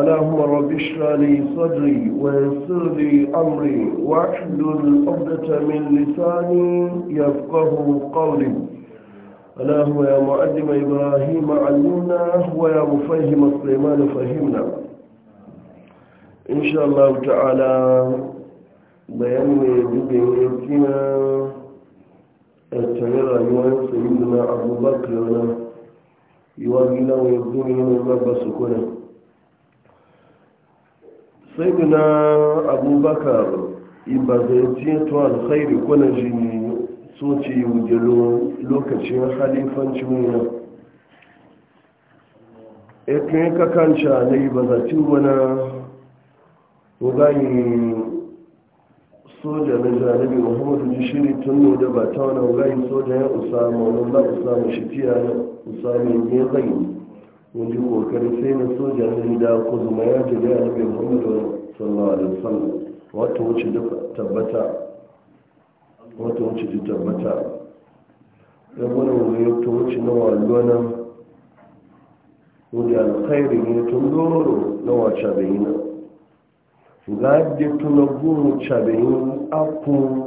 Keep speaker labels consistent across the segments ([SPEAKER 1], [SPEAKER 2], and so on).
[SPEAKER 1] اللهم رب اشرح لي صدري ويسر لي امري واحلل عقدة من لساني يفقه قولي اللهم يا معلم ابراهيم علمنا ويا مفهم سليمان فهمنا ان شاء الله تعالى بيان بيتنا التمر يوم سيدنا ابو بكر يوم لو يبدو من باب سكونه sai duna abubakar iba zai cinto alkhairi kuna jini so ce wuce lokacin halifancin wuya ekin yi kakanca na iba zaci wana wugayi soja na janibi muhammadu jishiri tun da ba ta wani wugayi soja ya usama wani ba usama shi tiya usama yin zai wani kokarin sai na soja ne da ku zuma ya ji da yana bin muhammadu sallallahu alaihi wasallam wata wuce da tabbata wata wuce da tabbata ya wani wani ya ta wuce na walwana wani alkhairi ne tun doro na wace bayina ga da tuna guru cabayin akun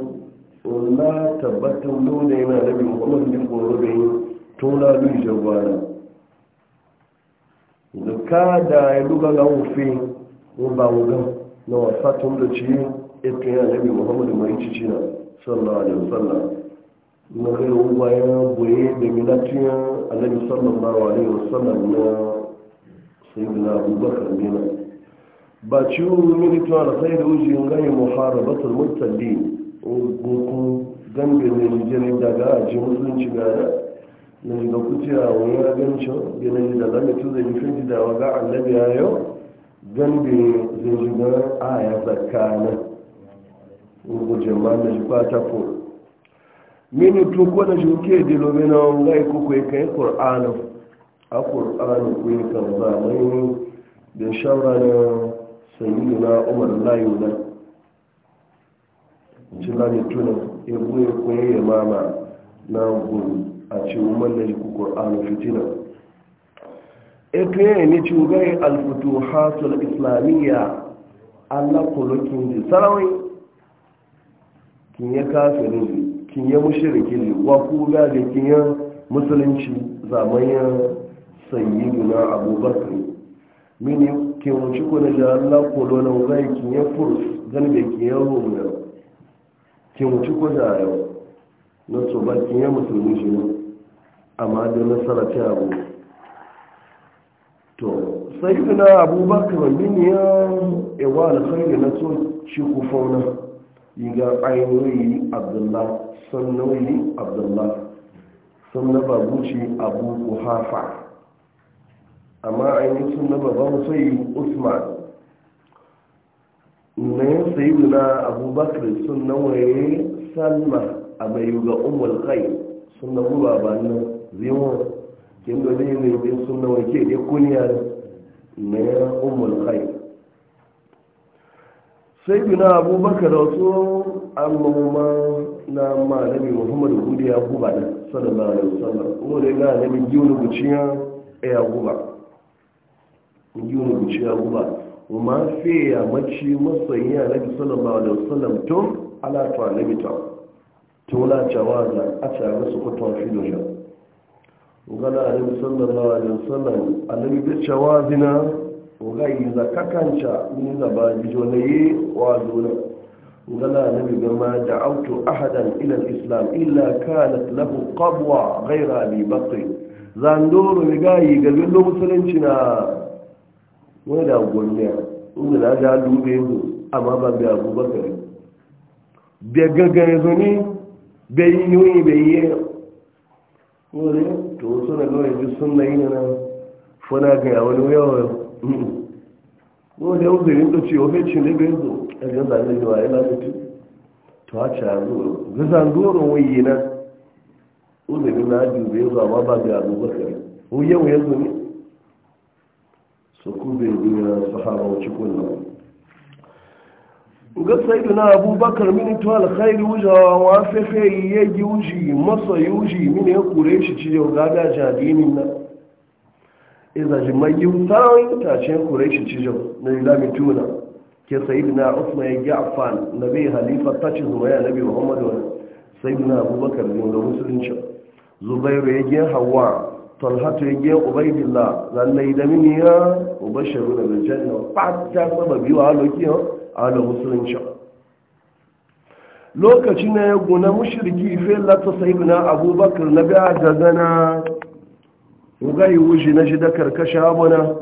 [SPEAKER 1] wala tabbatar yana da bin muhammadu bin goro bayin tona lu jagwara zuka da ya ga wufi ba wugan na wasa tun da ci ikin ya nabi muhammadu mai cici na sallallahu alaihi wasallam na kai ruwa ya boye da milatiya alaihi sallallahu alaihi wasallam na sayyidina abubakar dina ba ci wuri milituwa da sai da ujiyar gani muharabatul mutallin gokun gambin da nigeria daga ajiyar musulunci gada na ga kuce a wani raganco yanayi da zama tu zai fi da waga annabi ya yau gandun zai shiga a ya tsakanin rubujin ma na shi kwata ko mini tuko da shi ke dilomina ngai kuku ya kai ƙur'anin a ƙur'anin ku yi kan zamani da shawara na sayi na umar layu na jilani tunan ya buye kuye ya mama na gudu a ci umar na jiku ƙor'anu fitina eke ni ci gai alfutu hasul islamiyya allah kolokin ji sarawai kin ya kafirin kin ya mushirikin wa ku gaje kin ya musulunci zamanin sayyiduna abubakar mini ke wuce ku na jahannan kolonan zai kinye furs zanibe kinye romero ke wuce ku da yau na tsoba kinye musulmi shi ne amma da nasara ta abu to sai na abubakar bin ya ewa alkhairi na so shi ku fauna yiga ainihi abdullah sannawi abdullah babu babuci abu kuhafa amma ainihin sunan babban sai usman na yin sayi Abu abubakar sunan waye salma a mai yuga umar kai sunan gubabanin ziwa kin da zai ne bin sunna wai ke ya kuniya ne umul khair sai bi na abubakar wasu amma na malami muhammad hudu ya guba da sallallahu alaihi wasallam kuma da ga nabi giwon guciya ya guba giwon guciya guba kuma fe ya mace masoyiya na nabi sallallahu alaihi wasallam tun ala to nabi ta to la jawaza a ta musu kutan filin a ngana alim sallallahu alaihi wasallam alim bi chawazina yi za kakancha ni na ba bijolaye wa zuna a nabi ga da da'awtu ahadan ila islam illa kanat lahu qabwa ghayra abi bakr zandoro rigayi ga lullo musulunci na wani da gwamniya inda na ga dube mu amma ba bi abubakar bai gaggare zuni bai yi yi bai yi wani to wasu na gawai ji suna yi na fana ga ya wani yawa yau da yau zirin da ciwo fai cin daga yanzu a jan zane da waye na mutu to a ci a zuru zuwa zuru wuyi na uzirin na dube zuwa amma ba da ga abu bakari wuyi yau yanzu ne su kube duniya sahara wuce kullum ga saidu na abubakar mini to alkhairi wuja wa fefe ya yi wuji masa yi wuji mini ya kure shi ci yau gaga jadinin na iza ji mai yi sarawin tace ya kure shi ci yau na ilami tuna ke saidu na usman ya gafan na bai halifa ta ci zuma ya nabi muhammadu wani saidu na abubakar ne da musulunci zubairu ya gina hawa talhatu ya gina ubaidillah zannai da mini ya ubashiru da biljanna fata sababi wa lokiyar ala musulunci lokaci na ya guna mushirki fela lata sahibu na abubakar na biya da zana gai wuji na shi da karkashin abuna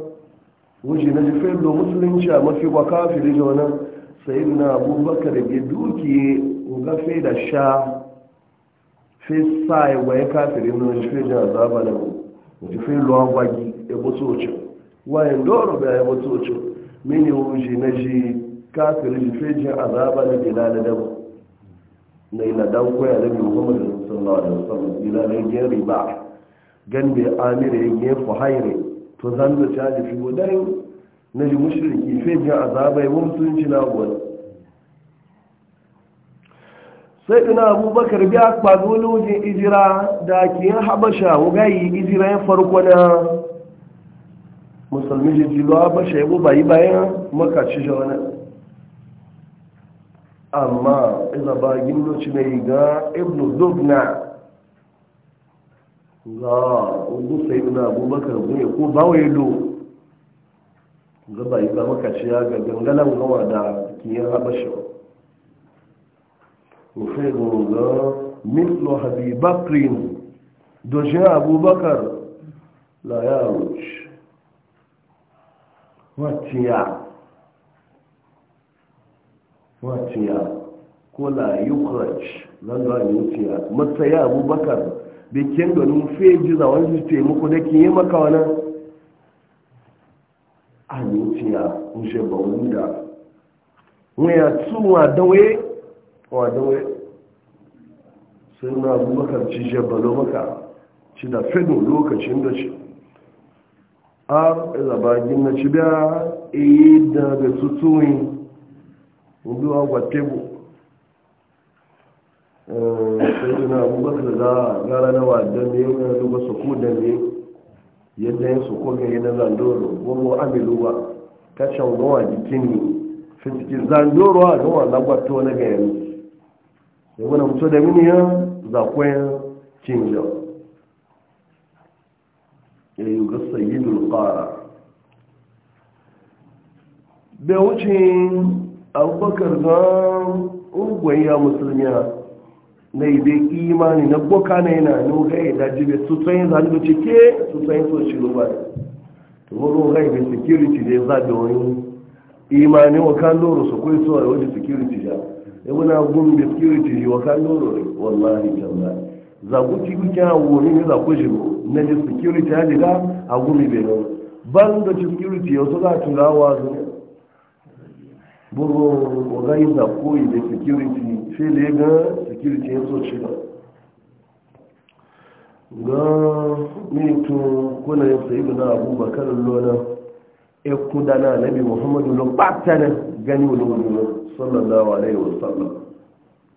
[SPEAKER 1] wuji na shi da musulunci a mafi kwa kafin jona sahibu na abubakar ya duki uga fe da sha fe sa ya kafiri na shi fe jan zaba na wuji fe luwa gwagi ya mutu wuce wayan doro bai ya butsu wuce mini wuji na ji. kafirin fejin azaba na bila na dama na iladan koya da muhammadu sallallahu alaihi wasallam bila na yin riba gan bai amira ya yin fuhaire to zan da caji fi gudanin na ji mushriki fejin azaba ya sun ci na gwani sai ina abubakar biya kwazo lojin ijira da kiyan habasha wugayi ijira ya farko na musulmi jijilo habasha ya bayi bayan makaci shi wani amma ina ba gindoci na yi ga ibn dubna ga ugu sai na abubakar ne ko ba wa yi lo ga ba yi ba makaci ga gangalan gawa da kiyar habashi rufai ga mislo habibakrin doshin abubakar la ya wuce wacce watiya ko la yukhraj zanga ne watiya masaya abubakar da ken da nun feji za wani su ce muku da kin yi maka wani a ne watiya in she ba wani da waya tsuwa dawe wa dawe sai na abubakar ci she balo maka ci da fedon lokacin da shi a zabagin na ci biya e iya da ga tutuwin obi wa gwa tebo eh, sai suna abubakar za a gara na wa dambe yau na duba su ku dambe yadda yin su ko gari na zandoro gwamwa amilu ba kashin gawa jikin ne fitikin zandoro a gawa lagwato na gayanu ya wani mutu da mini miniya zakon kinjo ya yi ga sayidul kara bai abubakar na ya musulmi na ibe imani na boka na yana oga ya daji bai tutsayin zaji da cike tutsayin so shi ruwa tumuru ga ibe security da ya zaɓe wani imani wa kan loro su kai suwa da, wani security ya yabuna gun da security ji wa kan loro wallahi jamla zagu ci a wani ne za ku ji na ji security ya diga a gumi bai nan ban da security yau su za a turawa zuwa buru organiza koyi da security sai da ya ga security ya so ci ba ga minitun kuna ya sayi na abubakar lona ya kuda na nabi muhammadu lon ɓata gani wani wani sallallahu alaihi wasallam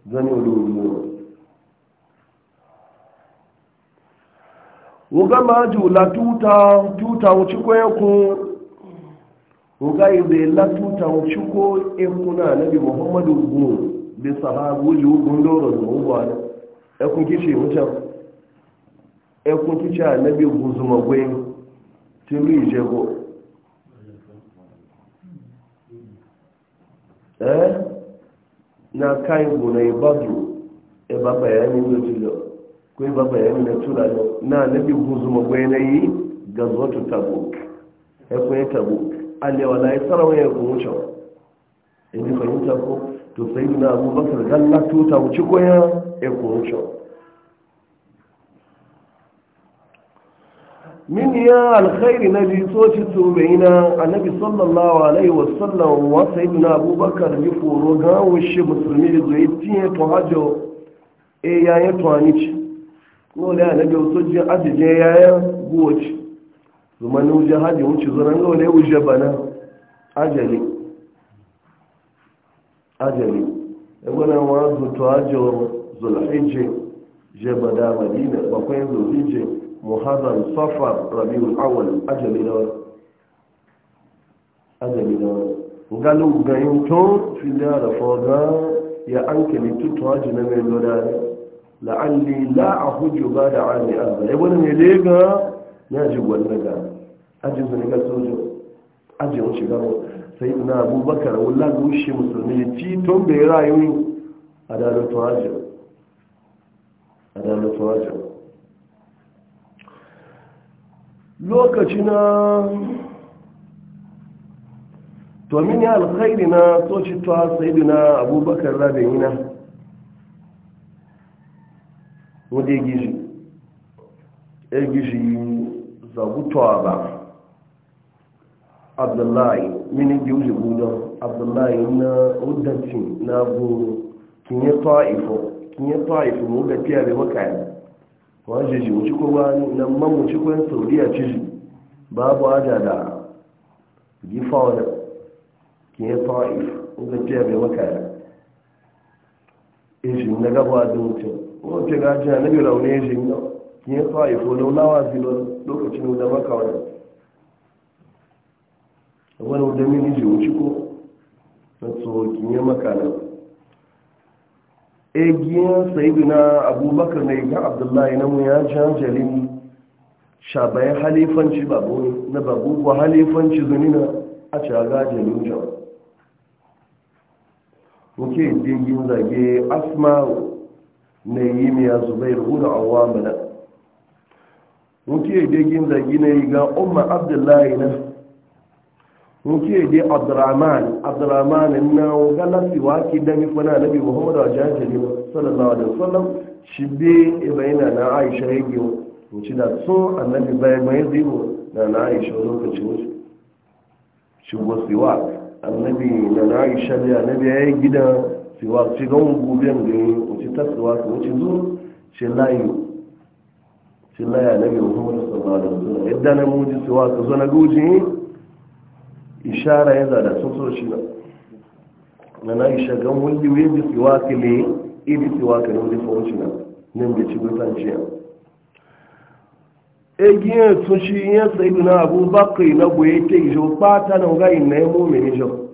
[SPEAKER 1] gani wani wani wọ́n wani máa jù la túta túta òun tí kó ẹkùn yi zai latuta ciko in kuna nabi muhammadu gun da sahabu ji hukun doron zuwa Ya ekun kice mutum ekun kice a nabi guzuma gwen tilu ijego eh na kayan gona ibadu e ba bayanin da tilo ko ya bayanin ne tula na nabi guzuma na yi ga zuwa tabuk ekun ya tabuk alewala ya tsarawa ya kuma wuce in ji fahimta ko to sai na abubakar galla tuta wuce koya ya kuma wuce min ya alkhairi na ji soci tsobai na annabi sallallahu alaihi wasallam wa sayyidina abubakar ya foro ga wushe musulmi da zai tiye to hajjo e eh, yayin to anici no le annabi soci ajije yayin goci zuma ni wuje hajji wuce zuwa ga wale wuje bana ajali ajali ibn wa zuto ajiyar zulhijji jabada madina bakwai zulhijji muhazan safar rabiul awal ajali da ajali da ngalu gayin to filiya da foga ya an ankali tutu ajin na mai lodari la'alli la a ba da ami azza ibn ne lega ya ji gwanda gani ajin su ne ga sojo ajin wuce gano sai na abubakar wula gushe musulmi ci ton bai rayu dalatun ajin dalatun ajin lokaci na tomini alkhairi na soci ta sayidu na abubakar rabin yana wadda ya gishi ya gishi zagutowa ba abdullahi mini jiwuzi budon abdullahi na uddancin na buru kinye ifo kinye ta'ifo mu ga fiya ya makaya na mamu ciko yin saudiya ciji babu aja da gifa wani kinye ta'ifo mu pia fiya bai ya eji na gaba da mutum wani ce na bi raune eji kinye da maka wani wadda mini ji wuce ko na tsohokin ya makana egiyar sa'idu na abubakar na igan abdullahi na mu ya janjalin shabayin halifanci babu na babu ba halifanci zunina a caga jalin jan muke digin zage asma'u na yi miya zubairu una awamana muke digin zage na igan umar abdullahi na nke dai abdurrahman abdurrahman na galasi wa ki dami fana nabi muhammad wa jajiri sallallahu alaihi wasallam shi be ibaina na aisha yake wuce da so annabi bayan mai zibo na na aisha lokacin wuce shi go siwa annabi na na aisha da annabi ya yi gida siwa ci gan gobe da yi wuce ta siwa su wuce zo shi layi ce layi annabi muhammad sallallahu alaihi wasallam yadda na muji siwa ka zo na guji ishara ya zada sun so shi na na isha gan wuli wuyin da siwa ka le ibi na nan da ci gutan ciya sun shi e yin na abu bakai na goye ke ijo bata na gayi na yamo mai jo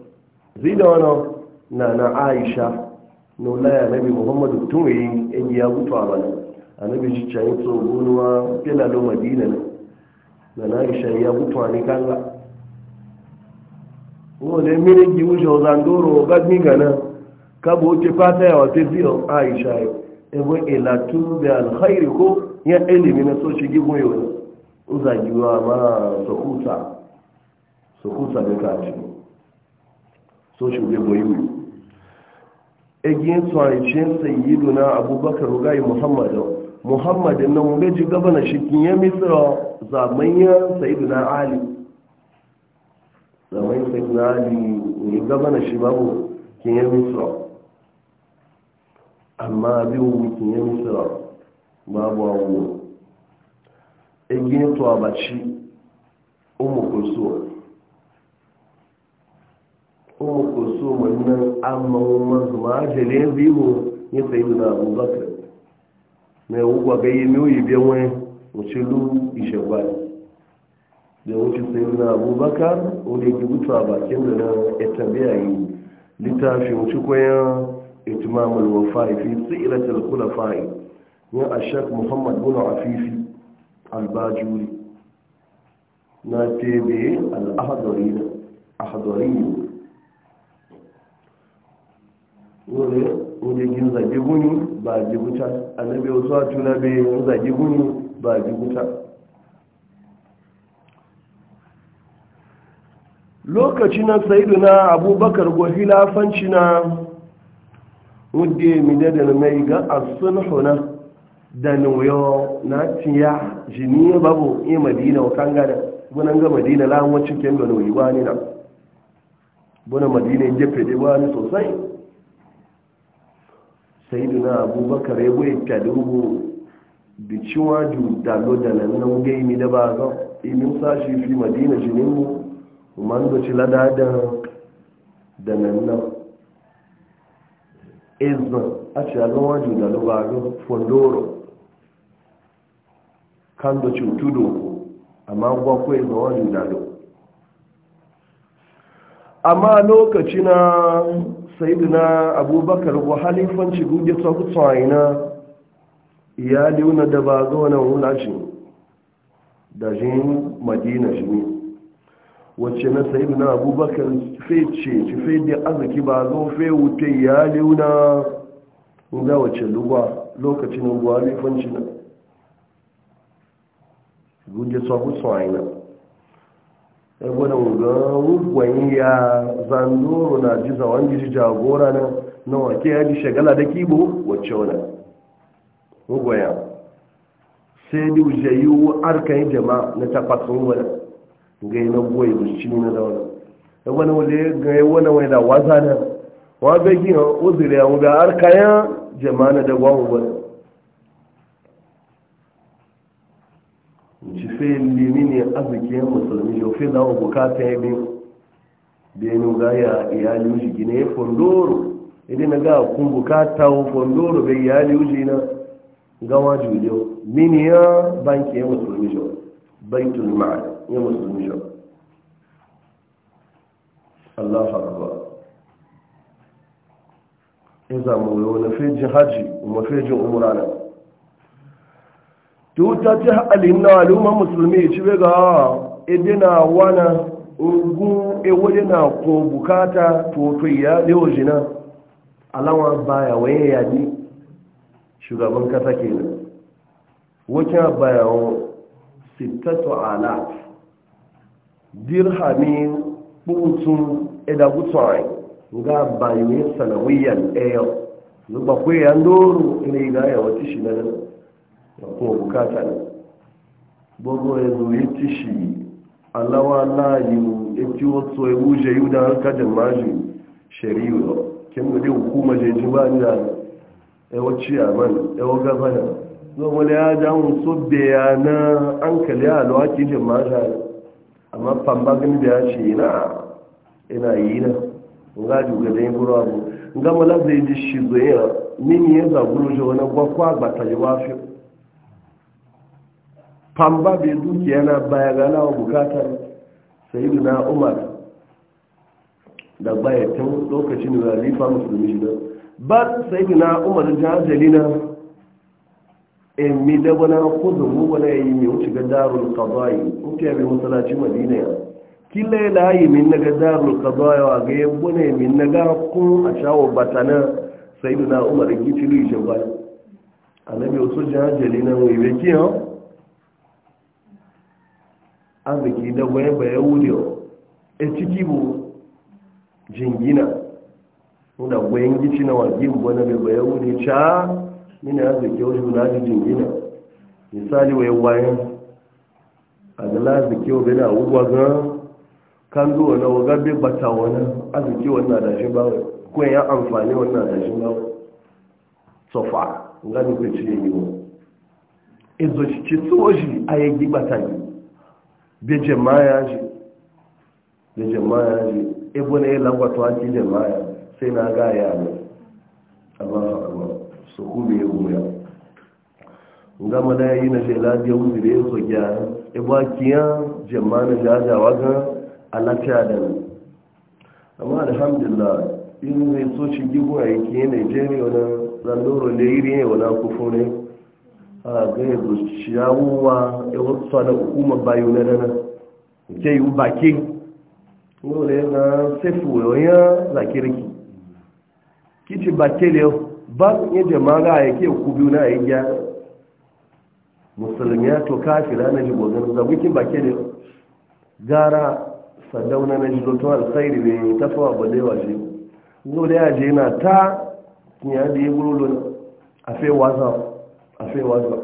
[SPEAKER 1] zai da na na aisha na ya nabi muhammadu tun yi e ya gutu a mana a nabi madina na na aisha ya gutu a ne kanga wole mini ji wujo zandoro gadni gana kabo ce fata yawa ta ziyo aisha yau ebo ilatu da alkhairi ko ya ilimi na so shi gigun ma sokuta sokuta da kaci so shi e gigun yau egin tsorancin sayyiduna abubakar rugayi muhammadu muhammadu na mun gaji gabana shi kin ya ali zaman sai na ali ne gabana shi babu kin yi misra amma biyu kin yi misra babu awo egin to abaci umu kulso umu kulso wannan amma wannan ma jele biyu ne sai na abubakar mai ugwa ga yi miyu biyan wani wucilu ishegwani da wuce sai na abubakar wadda ke gutu a bakin da na etabiya yi littafi wuce kwaya itimamul wafai fi tsiratul kulafai ya shak muhammad bin afifi albajuri na tebe al'ahadari na ahadari wadda gin zage guni ba jiguta annabi wasu a tuna bai zage guni ba jiguta lokaci na na abubakar go hilafanci na wadda mida da mai ga asunhu na da nuyo na tiya jini babu iya madina wa kan gada bunan ga madina lahancin kyan da nuyi wani na buna madina ya fede wani sosai na abubakar ya goyi kyadubu da ciwa da lo da nan nan imi da ba zan imin sashi fi madina jinin mu man ci lada da nan nan izin a ci a zama ju da lubarin fondoro kan doci tudo amma gwakwai zama ju da lo amma lokaci na na abubakar wa halifanci guge tsohutsuwai na iyali na da ba zo na wulaci da jin madina jini. wacce na sayi na abubakar fai ce ci fai da arziki ba zo fai wuce ya leuna ga wacce lugwa lokacin buhari fanci na guje sabu sa'ina ya gwada ga rugwan ya zandoro na ji zawon gizi jagora na na wake ya ji shagala da kibo wacce wana rugwan ya sai da wuce yi arkan jama'a na tafasin wani ga na goyi da shi na da wani da wani wale ga ya wani wani da wasa na wa bai gina uzuri ya wuga har kayan jama'a da gwamu wani ci fe limi ne arzikin musulmi yau fi zama bukata ya biyu da ya nuga ya iyali wuce gina ya fondoro idan na ga kun bukata wa fondoro bai iyali wuce na gawa juliyo mini ya banki ya musulmi yau baitul ma'ad ya musulmi yau Allah akbar in zamu yi wani fejin hajji wani fejin umurana tuta ta halin na al'umma musulmi ci bai ga idina wana ugun e wa na ko bukata toto ya lewo jina alama baya waye yaji shugaban kasa nan wakin baya sittatu ala. dirhamin butun edagutsuwai ga bayanin sanawiyan ayo zuba kuwa yan doro ina ga ya wata shi na nan ya kuma bukata ne gbogbo ya zo ya ci shi alawa na yi eti wasu ya buje yi da harkajin maji shari'u kin gudu hukuma jeji ba ni da ya wacce a man ya waga bana zuwa wani ya damu so na an kalli a lokacin maji amma famba da ya ce na ina yi na nga juga da yin buru abu nga mala zai ji shi zai ya mini ya zagulu ji wani gwakwa ba ta yi wafi famba bai dukiya na baya gana wa bukatar sayi na umar da baya tun lokacin da rifa musulmi shi ba sayi na umar jajali in da wani kudin mu wani yayi mai wuce ga darul qada'i uke bi masallaci madina ya kila ya layi min na ga darul qada'i wa ga yabo ne min na ga ku a shawo batana sayyidina umar ki tilu shi ba annabi wasu jajali nan wai be kiyo an da ki da wai ba ya wuce e ciki bu jingina da wayan gici na wajin bona be ba ya wuce cha mini ya zike wajen na ji jingina misali wai wayan a ga lazike wa bai na abubuwa ga kan zuwa na waga bai bata wani arziki wannan ya amfani wannan adashin bawai tsofa gani ku ci yi wa izo ci tsoji a yi gibata ne ji bai jama'a ji ebo na ga gama da yi na shela da yau zire so gyara iba kiya jamanin jajawa ga alafiya da nan amma alhamdulillah in zai so shi gibu a yi kiye nigeria wani zandoro da yi ne wani kufu ne a ga ya zuci yawuwa ya wasu da hukumar bayu na dana ke yi baki lori na sefu yoyin zakirki kici yau ba ya jama'a ya ke ku biyu na yi gyara musulmi ya to kafira na jibo ganin zagukin bake ne gara sadauna na jibo to alkhairi ne ta fawa ba da yawa shi zo da ya je na ta ya da ya gurulun a fe wasa a fe wasa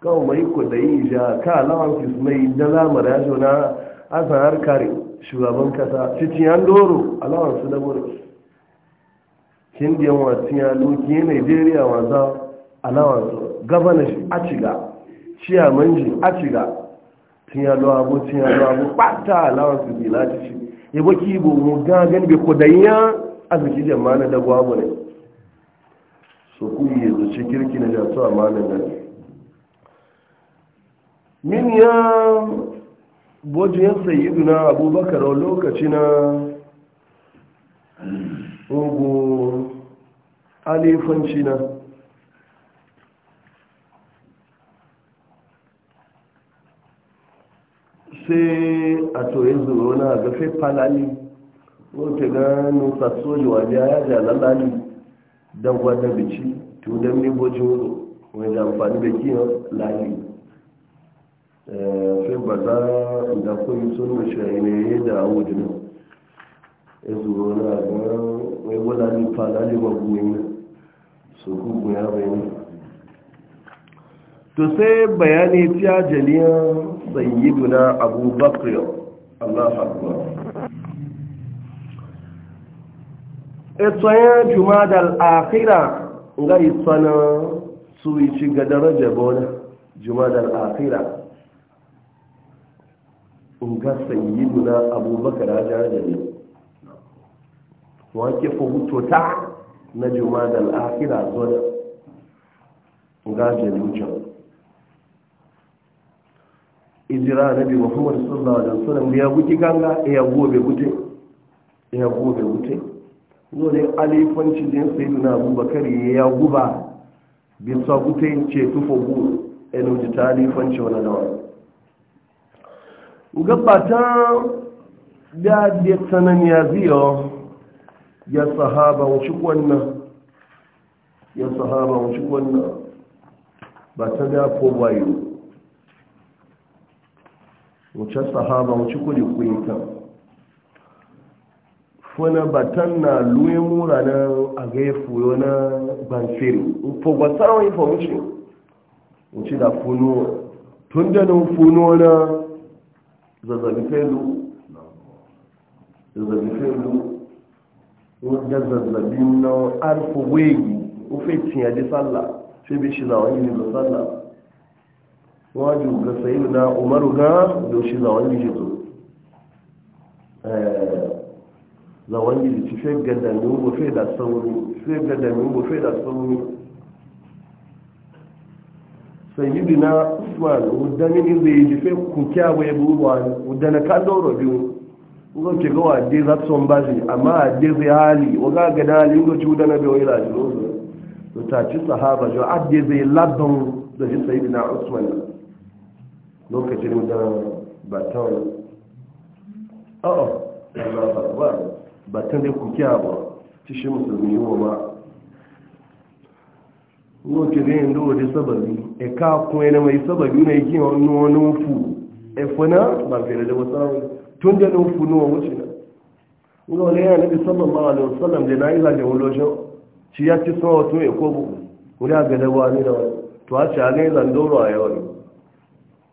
[SPEAKER 1] kawo mai ku da yi ja ka lawan su mai dala mara ya na asan har kare shugaban kasa cikin yan doro lawan su da gurus kin diyan wasu ya loki nigeria wasa lawan su governor achiga chairman ji achiga tinya lo abu tinya lo abu pata allowance bi lati shi e baki bo mu ga gan be kodayya azuki jama'a da gwa bane so ku yi zo ci kirki na ma na da min ya bojo ya sayyiduna abubakar lokaci na ugu na sai a to ya zuru wani a gafe falali wata gano sassoji wajen ya ja lalali don gwada bici to don niboji wajen amfani da kiyon lali sai eh, ba za da kun sun ya yi da wujina ya zuwa wani a gano mai palali falali ba na su kuku ya bayani to sai bayani ta jaliyar sayyiduna abu bakr Allah akbar etsayen jumadal akhira ga itsana su ichi ga daraja bona jumadal akhira ga sayyiduna abu bakr daraja ne wake na jumadal akhira zuwa ga jalujan ijira nabi muhammad sallallahu alaihi wasallam ya guki ganga ya gobe gute ya gobe gute dole alifanci din sayyidina abubakar ya guba bisa gute ce tufo gu eno ji talifanci wani dawa gabata da da sanan ya ziyo ya sahaba wuce wannan ya sahaba wuce wannan ba ta da ko bayo wuce sahaba wuce kudi kuyi kan funa batan na luye mura na agaifu gaya na banfiri fo wani fa wuce wuce da funo tun da nan funo na zazzabi felu zazzabi felu wadda zazzabi na arfa wegi ufe tiya sallah sai bai shi zawon yi da sallah Wajen ga sayi na umaru ga doshi zawon gizi zo eh, zawon gizi ci fe gadami ubo fe da sauri fe gadami ubo fe da sauri sayi na usman udani ni zai ji fe kukiya wai buwa udana kandoro biyu ngo ce ga wade za son baji amma ade zai hali waga ga dali ngo ci udana biyu ila ji zo ta ci sahaba jo ade zai labban da shi sayi na usman lokacin da baton a'a oh, Allah baton da kuke ba ci shi musulmi ma lokacin da da sababi e ka kuma yana mai sababi na yake wani nufu e fana ba fere da wasu tun da nufu nuwa wuce na yana nabi sallallahu alaihi wasallam na yi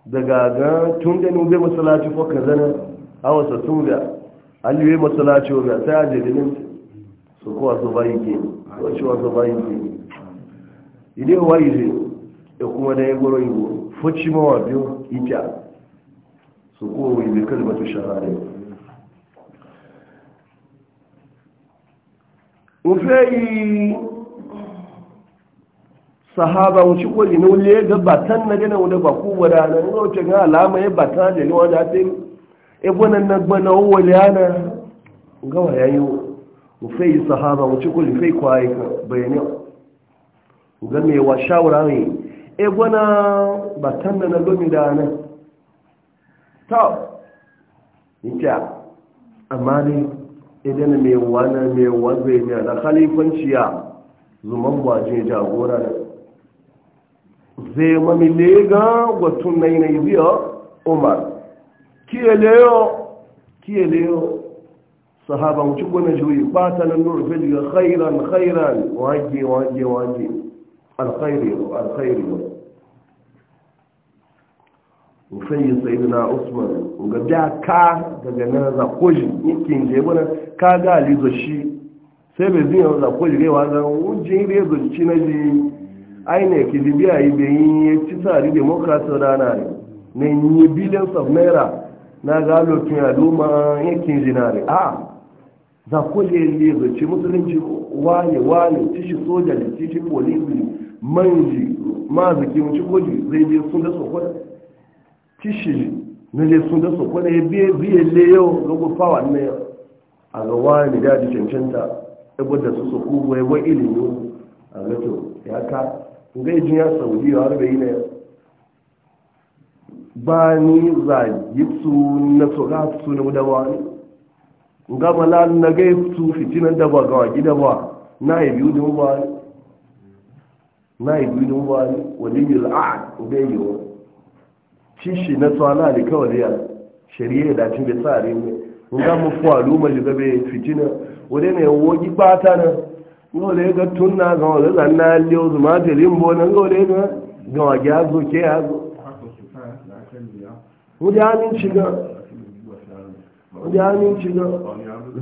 [SPEAKER 1] daga ga tun da nube masalaci ko ka zana a wasa tun da aliwe masalaci ga sai a jirgin su kowa su bayi ke wacce wasu bayi ke ile yi zai da kuma da ya goro yiwu fuci mawa biyu ita su kowa yi bai kalmatu shahara Ofe yi sahaba wuce kwaji na wule ga batan na gina wuda ba ku wada na nuna wuce ga alama ya batan da ni wada ta yi e gwana na gbana wale yana gawa ya yi mu fai sahaba wuce kwaji fai yi ka bayani ga mai wa shawara mai e ibona batan da na lomi da ana? ta ta, amma ne idan mai wani mai wanzai mai na khalifanciya zuman gwaje jagora da zai mami ga gwatun na yanayi biya umar kiyaleyo kiyaleyo sahaba mu ci gwana juyi bata nan nuru fi diga khairan khairan waje waje waje alkhairi alkhairi mu fayi na usman ga da ka daga nan za koji yakin je bana ka ga alizo shi sai bai zai za koji wa zan wujin rezo ci na ji inec di biya ibe yi tisari democrats rana ne na yi billions of naira na ga lokacin al'umma yankin zinari a za ku le le zace musulunci wane wane tishi soja da tishi polisi manji mazaki wuce koji zai je sun da sokoda tishi na le sun da sokoda ya biye biye le yau ga gufawa ne a ga wani da ji cancanta ibu da su soku wai wai ilimi a ga to ya ka ngai ji ya saudiya har bai yi ba ni za yi su na tsoka su na dawa ne gama na na ga su fitinan da ba ga wa gida ba na yi biyu dun ba na yi biyu dun ba wani yi la'a ah, ga yi wa cishi na tsana da kawai ya shari'a da cin bai tsare ne gama fuwa falu shi zabe fitina wani ne wogi bata na le ga tunna ga wala zanna liyo zuma te limbo nan ngole ga ga wa ga zo ke ya zo wuya min shiga wuya min ga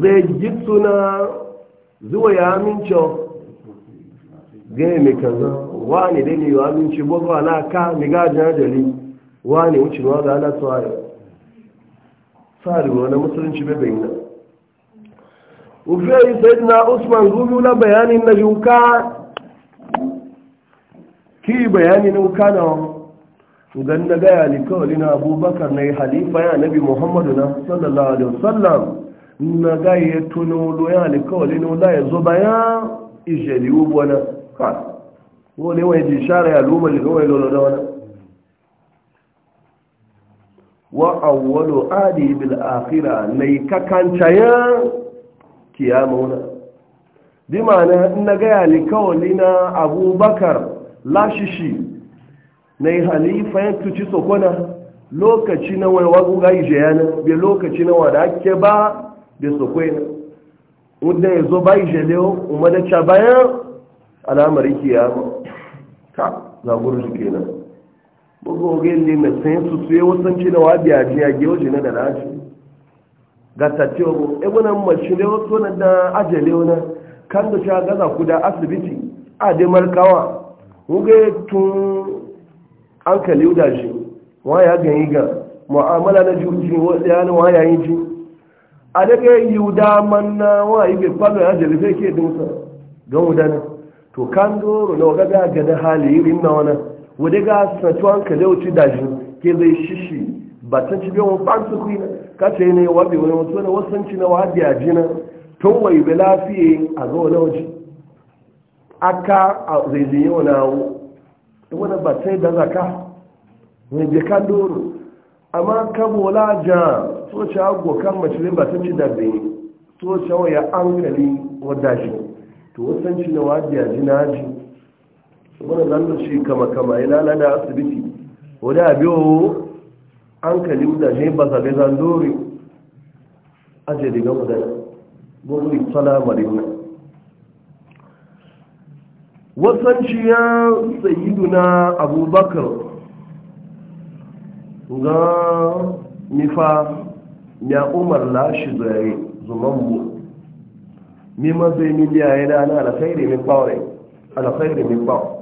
[SPEAKER 1] zai gitsuna zuwa ya min ci ga me kaza wani dai ne ya min bo bogo na ka mi ga jadali wani wuce wa ga ala tsare tsari wani musulunci bai bayyana ufe yi sayidina usman gumi na bayanin na yuka ki bayanin yuka na gan na gaya likawali na abubakar na halifa ya nabi muhammadu na sallallahu alaihi wasallam na gaya tuno ya likawali na wula ya zo bayan ijeli ubwana. na ka wani wani jishara ya luma likawali lolo da wana. wa awwalu adi bil akhirah nay kakancayan kiyama wuna bi ma'ana in na gaya likawali na abubakar lashishi na yi halifa ya tuci sokona lokaci na wani wagu ga yi jayana bi lokaci na wada ake ba bi sokwai na wadda ya zo ba yi da ca bayan al'amari kiyama ka zaguru shi kenan bugu oge ne na sayan su su yi wasan cinawa wadiya jiya gewaji na da lashi gatace obo ebuna mashi ne wato na da ajele wani kan da cewa gaza ku da asibiti a dai markawa wuge tun an kali da shi waya ganyi ga mu'amala na juji wani waya yi ji a daga yi da manna wayi bai kwallo ya jeli sai ke dunsa don wudana to kan doro na wagaga ga da hali irin na wani wadda ga sanatu an kali wuce da shi ke zai shishi ba ta ci biyan wani ɓansu kuwa kace ne wabe wani wasu ne wasanci na wadi a jina tun wai bi lafiye a ga wani waje aka a zaizaye na hau wani ba sai da zaka mai je kan doro amma kabola ja so ci agwo kan macilin ba ta ci da bai so ci wa ya ankali wadda shi to wasanci na wadi a jina ji wani zan shi kama kama ya lalada asibiti wadda abiyo hankali da shi ba sa bai zan dore aje daga mu da gudu tsala marina wasanciya sayiduna abubakar ga nifa ya umar lashi zai zuman mu mi zai miliya yana alkhairi min bawai alkhairi min bawai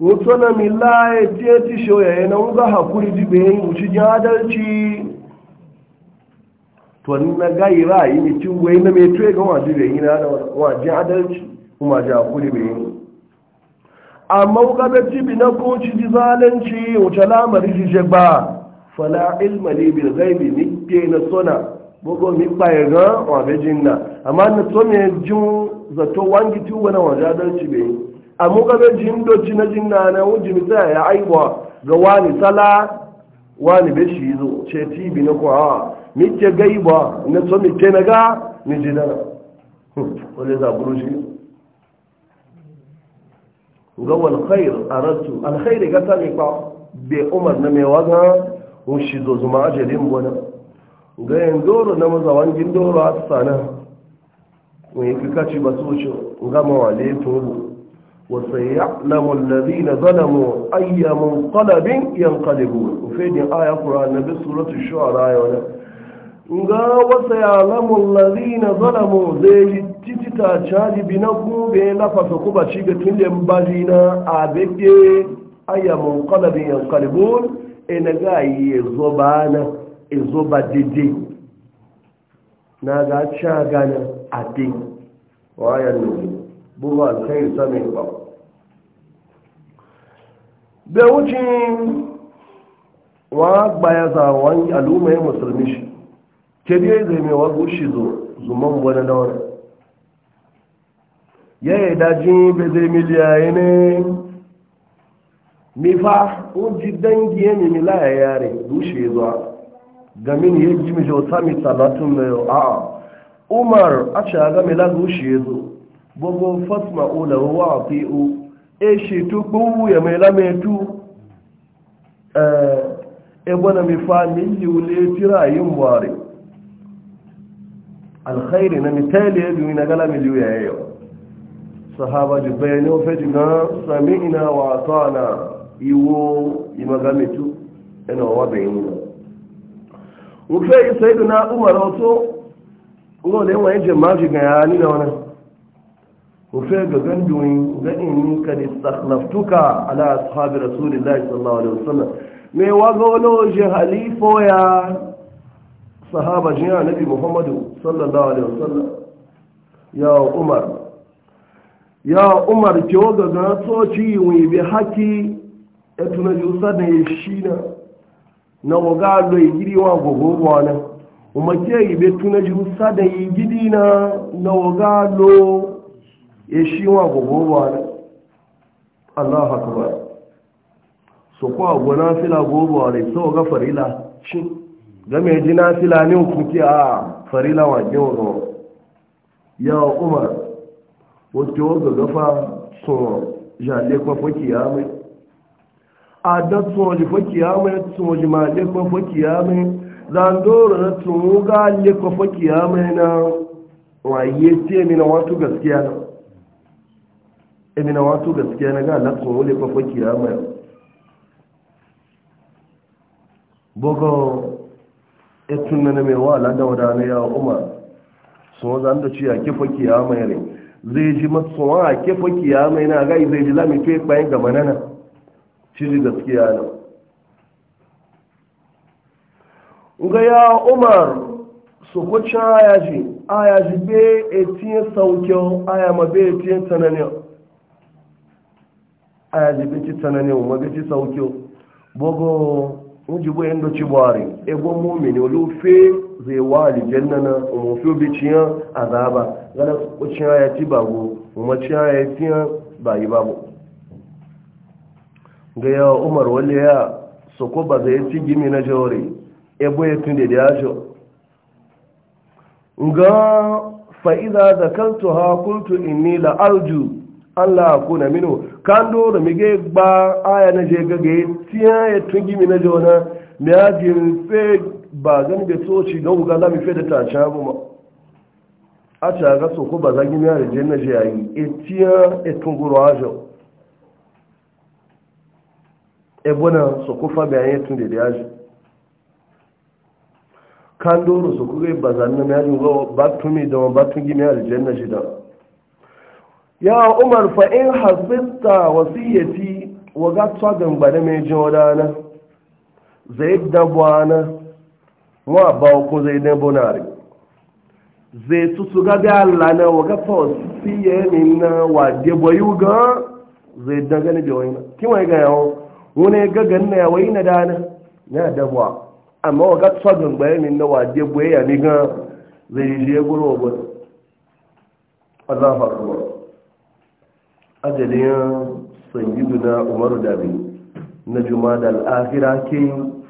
[SPEAKER 1] wato na mila ya ce ti shoyaye na wuga hakuri jibe yin wuce jin adalci to na gayi yi ne ci wai na mai tuye ga waje bai yi na wajen adalci kuma ji hakuri bai yi amma wuga bai ci bi na kunci ji zalunci wuce lamari ji je ba fala ilma ne bil gaibi nike na sona bugu mi kpaye ga jin jinna amma na to me jin zato wangi tuwa na wajen adalci bai yi amma jin jindoci na jinna na wuji misali ya aibuwa ga wani sala wani be shi zo ce tibi na kwa mike gaiba na so mike na ga ni jina wani hmm, buru shi ga wal khair aratu al khair ga ta ne fa. be umar na mai waga un shi zo zuma ajalin bona ga yan doro na mazawan gindoro a tsana mai kakaci ba so shi ga mawale tubu وسيعلم الذين ظلموا أي منقلب ينقلبون وفي دي آية قرآن نبي سورة الشعراء آية nga wasa ya lamun lazina zalamu zai ji titita caji bi na gobe na fasa kuma ci ga na abeke aya mun kalabin yan kalibun ga yi na na ga buwa kai sami ba bai wuce wa gbaya za wani al'umma ya musulmi shi ke biya zai mai wa gushi zuman wani dawar ya yi daji bai zai ya ne mifa ji dangi ya nemi laya yare ya zuwa gamin ya ji mijo sami talatin mai a'a umar a a gami lagushi ya zuwa gbogbo fatima ula wa fi u e shi tu gbowu ya mai lame tu ebe na mi fa ni yi wule tira yin buhari alkhairi na mitali ya biyu na gala miliyu ya yayo sahaba ji bayani ofe ju na sami ina wa ana iwo imagami tu ina wa yi na wufe yi sayidu na umar oto ngole wani jema'a ji ga ya ni wani وفي جوجن دوين لاني قد استخلفتك على اصحاب رسول الله صلى الله عليه وسلم مي وغولو جهلي فويا صحابه جنا نبي محمد صلى الله عليه وسلم يا عمر يا عمر جوجا غاتوچي وي بحكي اتنا يوسد شينا na waga lo igiri wa gogogo na umake ibe tuna ju sada igidi na na waga lo ya eh, shi wa gobowa ne allah ba so kuwa gona fila gobo ne sau ga farila shi game ji na fila ne kuke a farila wa gina ya umar wato ga gafa su jale kwa faki ya mai a da waje faki ya mai waje ma le kwa faki ya mai doro na ga le kwa faki ya mai na waye ce mina wato gaskiya na emina wato gaskiya na ga lafsun wale fafa kiyama yau bugu etun na mai wa alada wadana ya umar sun an da ciya a kifa mai yare zai ji matsuwa a kifa mai na gai zai ji lami tuye bayan gama nana ciji ji gaskiya na ga ya umar su kuce ayaji ayaji be etiye sauƙin ayama be tiyan tananiyar aya ji bici tsanani ma bici sauki bogo wuji bu yanda ci bwari ego mumini olufe zai wa aljanna na umufi biciyan azaba gana kucin aya ti babu ya aya bayi babu ga yawa umar wale ya soko ba zai ci gimi na jawari ebo ya tunde da ya jo ga fa'iza zakartu ha kultu inni la arju an la kuna minu kando da mige gba aya na je gage tiya ya tungi mi na jona mi je fe ba gani da soci ga uga la mi fe da ta cha bu ma a cha ga so ko ba za gi mi are je na je ayi e tiya e tunguro ajo e bona so ko fa ba ya tun de ajo kando ro so ko ga ba zan na mi aje ba tumi da ba tungi mi ya je na je da ya umar fa in hasbista wasiyati wa ga tsagan bane mai jodana zai dabwana wa ba ko zai dabonare zai tusu ga da Allah na wa ga fa wasiye min na wa de boyu ga zai daga ne boyina kima ga yawo wani ga ganna ya waina dana ya dabwa amma wa ga tsagan bane min na wa de boye ya ni ga zai je guro bo Allah akbar ajalin sanyidu na umaru dabi na juma da al'ahira ke yin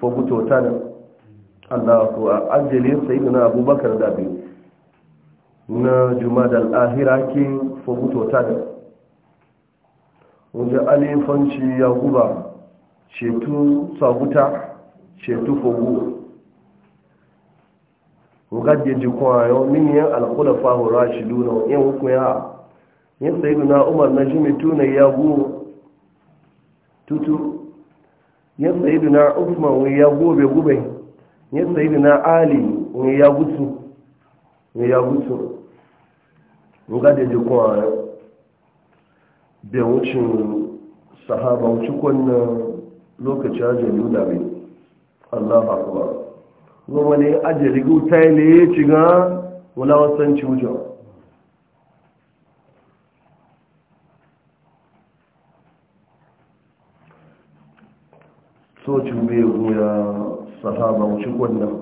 [SPEAKER 1] ta na allahu a ajalin sanyidu na abubakar dabi na juma da al'ahira ke yin ta na wajen alifanci ya guba ceto sabuta ceto fagu wugajin jikon ayon miniyan alkulafa horashi duna yan hukunya yin sayidu na umar na jimi tuna ya goro tutu yin sayidu na usman wani ya gobe gube yin sayidu na ali wani ya gutu wani ya gutu nga da jikun a yau bai wucin sahaba wuce kwanan lokaci ajiyar yuda bai allah akwai wani ajiyar guta ne ya ci ga wani wasan wucewa tocin bai goya sahaba wuce kwanan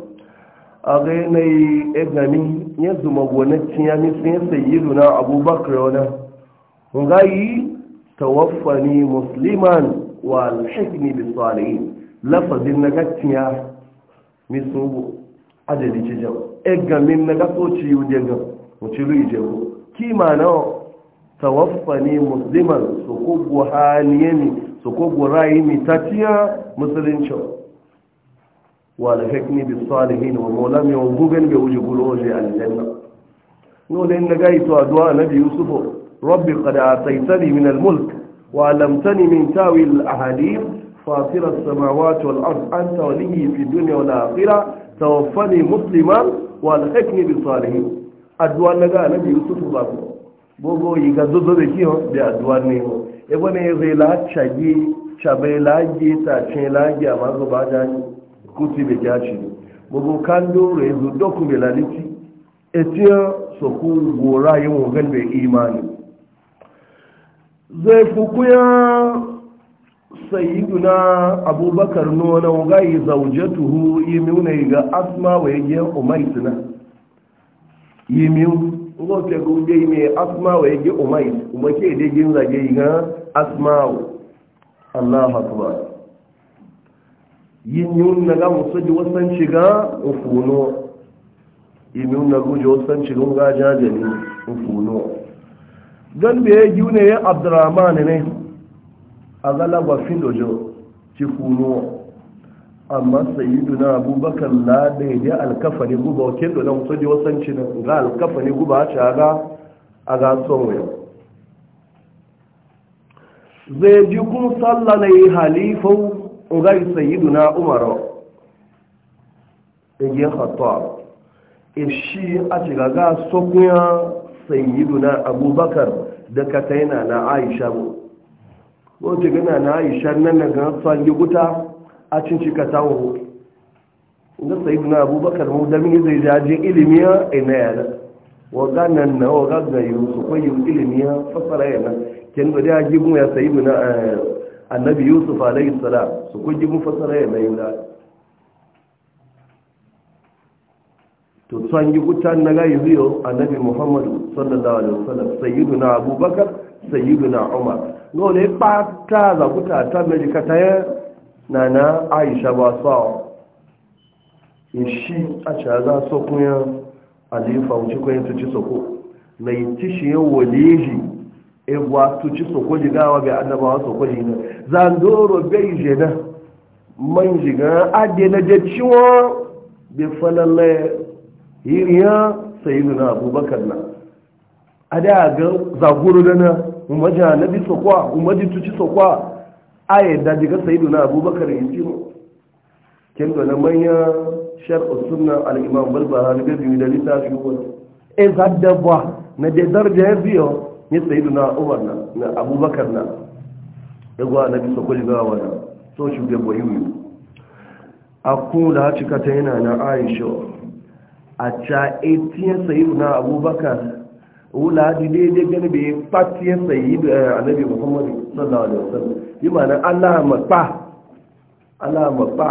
[SPEAKER 1] a ga yanayi egami ya zuma gonakin ya nisa ya sayi na abubakar wani hungayi tawaffani musliman wa alhikmi bi salihin lafazin na gatiya misu adadi cijau egamin na gasoci yudegan wucilu ijebu kima na tawaffani musliman su kubu haniyemi su ko gurayi mai tatiya musulunci wa da fekni bi salihin wa mola mai wa gugan bai wuce gulo waje aljanna nole na gai to addu'a nabi yusuf rabbi qad ataitani min al-mulk wa lamtani min tawil ahadith فاطر السماوات والأرض أنت ولي في الدنيا والآخرة توفني مسلما والحكم بالصالحين أدوان لغا نبي يوسف بابو بوغو يغزو زبكيهم بأدوان نيمو ebe ne zai lacagi cabai lagi tace lagi a mazu ba da kuti bai kya ce bugu kan dore zu doku bai laliti etiyar su ku gora yin wogan bai imani zai fukuya sayiduna abubakar nuna wugayi zaujatuhu yi miuna ga asma wa yage umaitina yi ngo ke go de me asma wa yake umai kuma ke de gin zage ga asma Allahu akbar yin yun na ga ji wasan shiga ufuno yin yun na guje wasan shiga ga jajani ufuno dan be yune ya Abdurrahman e ne a galaba fin dojo ci funo amma sayidu na abubakar na ya alkafa ne guba wakil da nan soji wasanci na ga alkafa ne guba a shaga a gason waya zai ji kun tsalla na yi halifan ugai sayidu na umaru in yi hatuwa ishi a shiga ga sokunya sayidu na abubakar da kataina na aisha mu wata gina na aisha nan na gan tsalli guta a cincika tawo inda sai ibn abubakar mu da mini zai jaje ilimi ya ina wa ganan na wa gaga yusuf ko yin ilimi ya fasara yana kin da ya gibu ya sai ibn eh, annabi yusuf alayhi salam su ko gibu fasara yana yana to san yi kutan na ga yuziyo annabi muhammad sallallahu alaihi wasallam sayyiduna abubakar sayyiduna umar no pa ta za kuta ta medika ta na na aisha ba su awa ishi a caza sokunya alifa wuce kwayin tuci soko na yi tishi yin waleji egwa tuci soko gawa bai annabawa soko na zandoro bai ije man jiga adi na je ciwo bai falalla yiriya sai yi na abubakar na a da ga zaguru da na umarji annabi sokwa umarji tuci sokwa aya da daga sayidu na abubakar ya ci mu kin da na manya shar'u sunna al-imam balbahari da biyu da littafi e zadda ba na da daraja ya biyo ya sayidu na umar na na abubakar na ya gwa na bisa kwali gawa wani so shugaba yiwu a kun da haka kata yana na aisha a ca 18 sayidu na abubakar wula daidai gani bai fatiyar sayidu eh, annabi muhammadu sallallahu alaihi wasallam bí màánà aláàmọ̀pá aláàmọ̀pá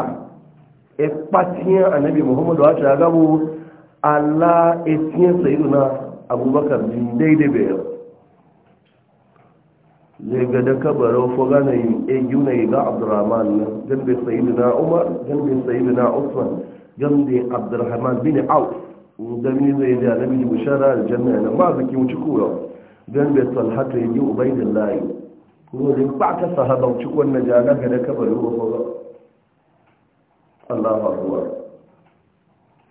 [SPEAKER 1] ẹ̀pá tíyàn ànábì muhammadu àti Allah alá etíyàn na abubakar di daidai bẹ̀rẹ̀ zai ga da foga na yi egi na yi ga abdurrahman na. gambe na umar gambe sa'idina usman gambe abdurrahman bin auf Gambe zai da nabi bishara aljanna na. ma zaki wuce kowa gambe ya yi ubaidin layi Kuma duk ba ka sahabauci wannan jana ga da yi wa ba Allah faruwa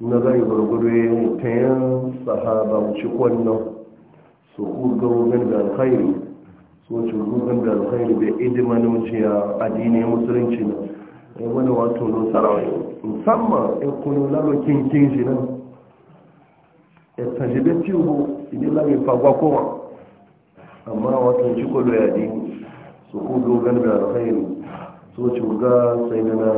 [SPEAKER 1] na zai gurguru ya yi ta yin sahabauci wannan su kurgan da alkhairi su ci kurgan da alkhairi bai idi idimanin a addinin musulunci na ya wani wato na sarawai musamman ya kunu lalokin kinshi nan ya tajibe ciwo ne lamin fagwa kowa amma wato cikolo ya dini su kudu gan da alkhairi so cuga sai na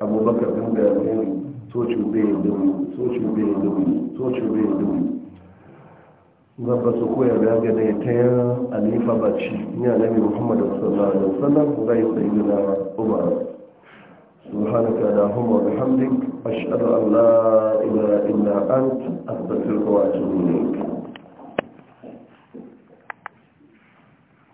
[SPEAKER 1] abubakar gan da alkhairi so cube ya dubi so cube ya dubi so cube ya dubi gaba su koya da ga da ta yan alifa ba baci ya nabi muhammadu sallallahu alaihi wasallam ga yi sai na umar سبحانك اللهم وبحمدك أشهد أن لا إله إلا أنت أستغفرك وأتوب إليك